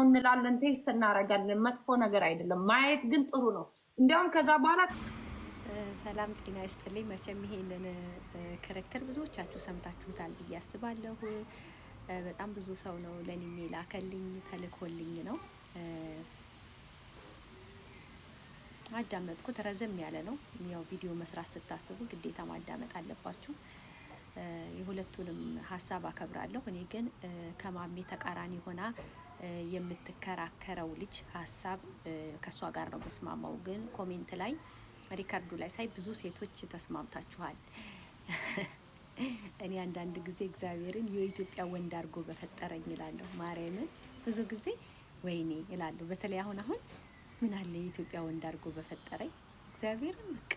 እንላለን፣ ቴስት እናደርጋለን። መጥፎ ነገር አይደለም። ማየት ግን ጥሩ ነው። እንዲያውም ከዛ በኋላ ሰላም ጤና ይስጥልኝ። መቼም ይሄንን ክርክር ብዙዎቻችሁ ሰምታችሁታል ብዬ አስባለሁ። በጣም ብዙ ሰው ነው ለኔ ላከልኝ ተልኮልኝ ነው አዳመጥኩት። ረዘም ያለ ነው። ያው ቪዲዮ መስራት ስታስቡ ግዴታ ማዳመጥ አለባችሁ። የሁለቱንም ሀሳብ አከብራለሁ። እኔ ግን ከማሜ ተቃራኒ ሆና የምትከራከረው ልጅ ሀሳብ ከእሷ ጋር ነው መስማማው። ግን ኮሜንት ላይ ሪካርዱ ላይ ሳይ ብዙ ሴቶች ተስማምታችኋል። እኔ አንዳንድ ጊዜ እግዚአብሔርን የኢትዮጵያ ወንድ አድርጎ በፈጠረኝ ይላለሁ። ማርያምን ብዙ ጊዜ ወይኔ ይላለሁ። በተለይ አሁን አሁን ምን አለ የኢትዮጵያ ወንድ አድርጎ በፈጠረኝ እግዚአብሔርን በቃ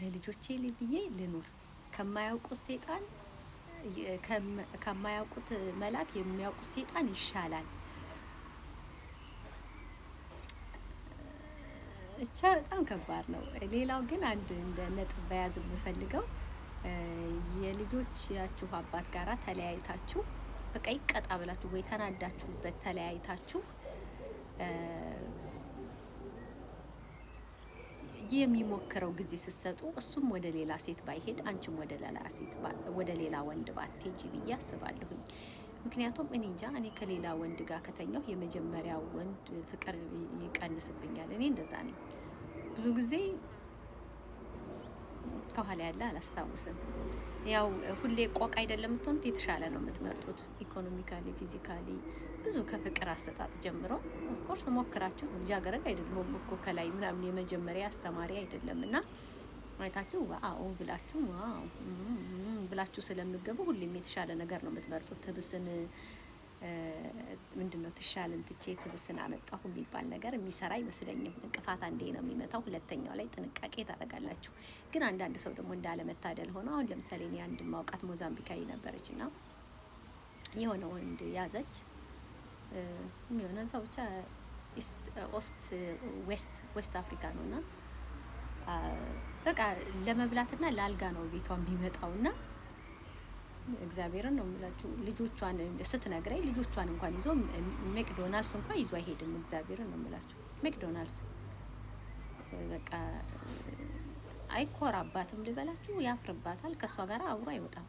ለልጆቼ ልብዬ ልኑር ከማያውቁት ሴጣን ከማያውቁት መልአክ የሚያውቁት ሴጣን ይሻላል። ብቻ በጣም ከባድ ነው። ሌላው ግን አንድ እንደ ነጥብ በያዝ የምፈልገው የልጆቻችሁ አባት ጋራ ተለያይታችሁ በቃ ይቀጣ ብላችሁ ወይ ተናዳችሁበት ተለያይታችሁ የሚሞክረው ጊዜ ስትሰጡ እሱም ወደ ሌላ ሴት ባይሄድ አንቺም ወደ ሌላ ሴት ወደ ሌላ ወንድ ባትሄጂ ብዬ አስባለሁኝ። ምክንያቱም እኔ እንጃ እኔ ከሌላ ወንድ ጋር ከተኛሁ የመጀመሪያ ወንድ ፍቅር ይቀንስብኛል። እኔ እንደዛ ነኝ። ብዙ ጊዜ ከኋላ ያለ አላስታውስም። ያው ሁሌ ቆቅ አይደለም የምትሆኑት፣ የተሻለ ነው የምትመርጡት ኢኮኖሚካሊ፣ ፊዚካሊ ብዙ ከፍቅር አሰጣጥ ጀምሮ ኦፍኮርስ ሞክራችሁ ልጃገረድ አይደለሁም እኮ ከላይ ምናምን የመጀመሪያ አስተማሪ አይደለም እና ማየታችሁ ዋው ብላችሁ ዋው ብላችሁ ስለምገቡ ሁሌም የተሻለ ነገር ነው የምትመርጡት። ትብስን ምንድነው ትሻልን ትቼ ትብስን አመጣሁ የሚባል ነገር የሚሰራ አይመስለኝም። እንቅፋት አንዴ ነው የሚመጣው፣ ሁለተኛው ላይ ጥንቃቄ ታደርጋላችሁ። ግን አንዳንድ ሰው ደግሞ እንዳለመታደል ሆኖ አሁን ለምሳሌ እኔ አንድ ማውቃት ሞዛምቢካዊ ነበረች እና የሆነ ወንድ ያዘች የሚሆነ እዛ ብቻ ኦስት ዌስት ዌስት አፍሪካ ነው እና በቃ ለመብላትና ለአልጋ ነው ቤቷ የሚመጣው እና እግዚአብሔርን ነው የምላችሁ። ልጆቿን ስትነግረኝ ልጆቿን እንኳን ይዞ ሜክዶናልድስ እንኳን ይዞ አይሄድም። እግዚአብሔርን ነው የምላችሁ። ሜክዶናልድስ በቃ አይኮራባትም ልበላችሁ፣ ያፍርባታል። ከእሷ ጋር አብሮ አይወጣም።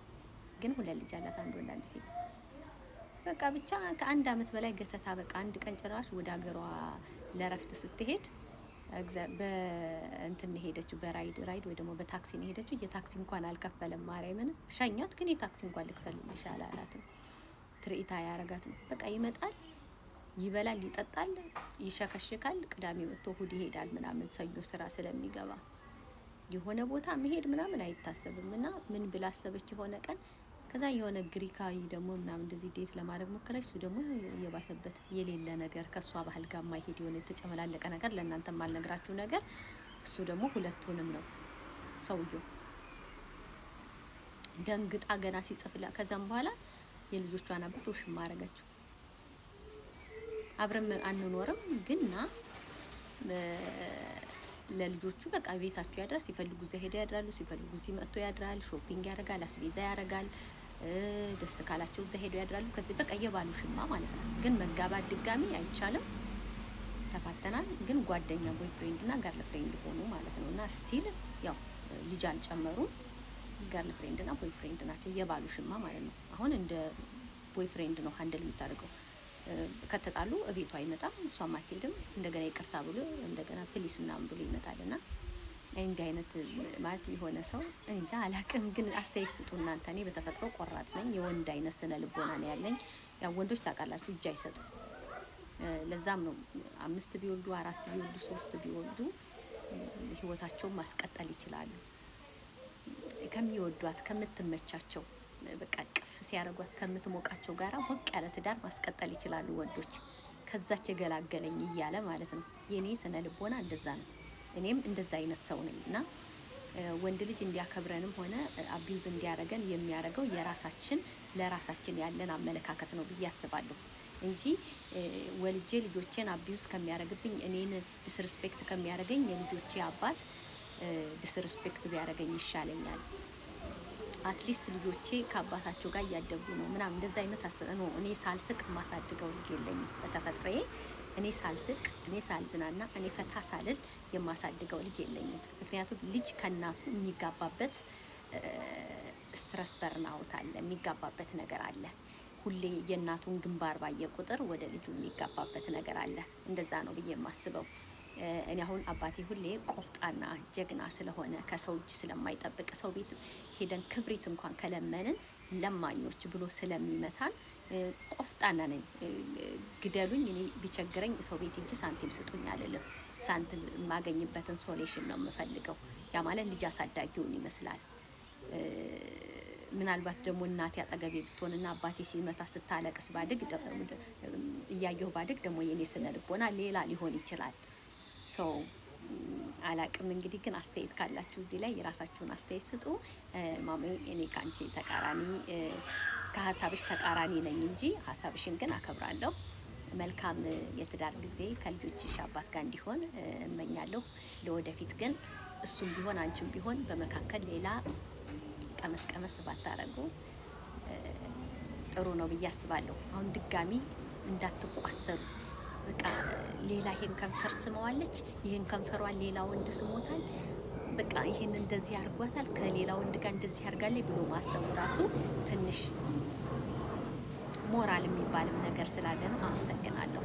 ግን ሁለት ልጅ አላት፣ አንድ ወንድ አንድ ሴት በቃ ብቻ ከአንድ አመት በላይ ገተታ በቃ አንድ ቀን ጭራሽ ወደ ሀገሯ ለረፍት ስትሄድ በእንትን ሄደችው በራይድ ራይድ ወይ ደግሞ በታክሲ ነው ሄደችው። የታክሲ እንኳን አልከፈለም። ማርያምን ሸኛት፣ ግን የታክሲ እንኳን ልክፈል ይሻል አላት። ትርኢት አያረጋት ነው በቃ ይመጣል፣ ይበላል፣ ይጠጣል፣ ይሸከሽካል። ቅዳሜ ወጥቶ እሁድ ይሄዳል ምናምን፣ ሰኞ ስራ ስለሚገባ የሆነ ቦታ መሄድ ምናምን አይታሰብም። እና ምን ብላሰበች የሆነ ቀን ከዛ የሆነ ግሪካዊ ደግሞ ምናምን እንደዚህ ዴት ለማድረግ ሞከረች። እሱ ደግሞ የባሰበት የሌለ ነገር ከእሷ ባህል ጋር ማይሄድ የሆነ የተጨመላለቀ ነገር ለእናንተ ማልነግራችሁ ነገር እሱ ደግሞ ሁለቱንም ነው ሰውየው ደንግጣ ገና ሲጽፍላ ከዛም በኋላ የልጆቿን አባት ውሽማ አደረገችው። አብረን አንኖርም ግና ለልጆቹ በቃ ቤታቸው ያድራል። ሲፈልጉ እዚያ ሄደው ያድራሉ፣ ሲፈልጉ እዚህ መጥቶ ያድራል። ሾፒንግ ያደርጋል፣ አስቤዛ ያደርጋል። ደስ ካላቸው እዛ ሄደው ያድራሉ። ከዚህ በቃ የባሉ ሽማ ማለት ነው። ግን መጋባት ድጋሚ አይቻልም። ተፋተናል። ግን ጓደኛ ቦይ ፍሬንድ እና ጋርል ፍሬንድ ሆኑ ማለት ነው። እና ስቲል ያው ልጅ አልጨመሩም። ጋርል ፍሬንድ እና ቦይ ፍሬንድ ናቸው፣ የባሉ ሽማ ማለት ነው። አሁን እንደ ቦይ ፍሬንድ ነው ሀንድል የምታደርገው። ከተጣሉ እቤቷ አይመጣም፣ እሷም አትሄድም። እንደገና ይቅርታ ብሎ እንደገና ፕሊስ ምናምን ብሎ ይመጣል እና እንዲህ አይነት ማለት የሆነ ሰው እንጃ አላቅም፣ ግን አስተያየት ስጡ እናንተ። እኔ በተፈጥሮ ቆራጥ ነኝ። የወንድ አይነት ስነ ልቦና ነው ያለኝ። ያው ወንዶች ታውቃላችሁ እጅ አይሰጡ። ለዛም ነው አምስት ቢወልዱ አራት ቢወልዱ ሶስት ቢወልዱ ህይወታቸውን ማስቀጠል ይችላሉ። ከሚወዷት ከምትመቻቸው በቃ ቅፍ ሲያደርጓት ከምትሞቃቸው ጋራ ሞቅ ያለ ትዳር ማስቀጠል ይችላሉ ወንዶች። ከዛች የገላገለኝ እያለ ማለት ነው። የኔ ስነ ልቦና እንደዛ ነው። እኔም እንደዛ አይነት ሰው ነኝ እና ወንድ ልጅ እንዲያከብረንም ሆነ አቢዩዝ እንዲያደረገን የሚያደርገው የራሳችን ለራሳችን ያለን አመለካከት ነው ብዬ አስባለሁ እንጂ ወልጄ ልጆቼን አቢዩዝ ከሚያደርግብኝ እኔን ዲስሪስፔክት ከሚያደርገኝ የልጆቼ አባት ዲስሪስፔክት ቢያደርገኝ ይሻለኛል። አትሊስት ልጆቼ ከአባታቸው ጋር እያደጉ ነው ምናምን እንደዚ አይነት አስተጽዕኖ እኔ ሳልስቅ ማሳድገው ልጅ የለኝ በተፈጥሮዬ እኔ ሳልስቅ፣ እኔ ሳልዝናና፣ እኔ ፈታ ሳልል የማሳድገው ልጅ የለኝም። ምክንያቱም ልጅ ከእናቱ የሚጋባበት ስትረስ በርናውት አለ፣ የሚጋባበት ነገር አለ። ሁሌ የእናቱን ግንባር ባየ ቁጥር ወደ ልጁ የሚጋባበት ነገር አለ። እንደዛ ነው ብዬ የማስበው። እኔ አሁን አባቴ ሁሌ ቆፍጣና ጀግና ስለሆነ ከሰው እጅ ስለማይጠብቅ ሰው ቤት ሄደን ክብሪት እንኳን ከለመንን ለማኞች ብሎ ስለሚመታን ቆፍጣና ነኝ። ግደሉኝ፣ እኔ ቢቸግረኝ ሰው ቤት እንጂ ሳንቲም ስጡኝ አልልም። ሳንቲም የማገኝበትን ሶሌሽን ነው የምፈልገው። ያ ማለት ልጅ አሳዳጊውን ይመስላል። ምናልባት ደግሞ እናቴ አጠገቤ ብትሆንና አባቴ ሲመታ ስታለቅስ ባድግ እያየሁ ባድግ ደግሞ የኔ ስነ ልቦና ሌላ ሊሆን ይችላል። ሰው አላቅም። እንግዲህ ግን አስተያየት ካላችሁ እዚህ ላይ የራሳችሁን አስተያየት ስጡ። ማሜ እኔ ከአንቺ ተቃራኒ ከሀሳብሽ ተቃራኒ ነኝ እንጂ ሀሳብሽን ግን አከብራለሁ። መልካም የትዳር ጊዜ ከልጆችሽ አባት ጋር እንዲሆን እመኛለሁ። ለወደፊት ግን እሱም ቢሆን አንቺም ቢሆን በመካከል ሌላ ቀመስ ቀመስ ባታረጉ ጥሩ ነው ብዬ አስባለሁ። አሁን ድጋሚ እንዳትቋሰሩ በቃ ሌላ ይሄን ከንፈር ስመዋለች፣ ይሄን ከንፈሯን ሌላ ወንድ ስሞታል፣ በቃ ይሄን እንደዚህ አድርጓታል፣ ከሌላ ወንድ ጋር እንደዚህ አድርጋለች ብሎ ማሰቡ ራሱ ትንሽ ሞራል የሚባልም ነገር ስላለ ነው። አመሰግናለሁ።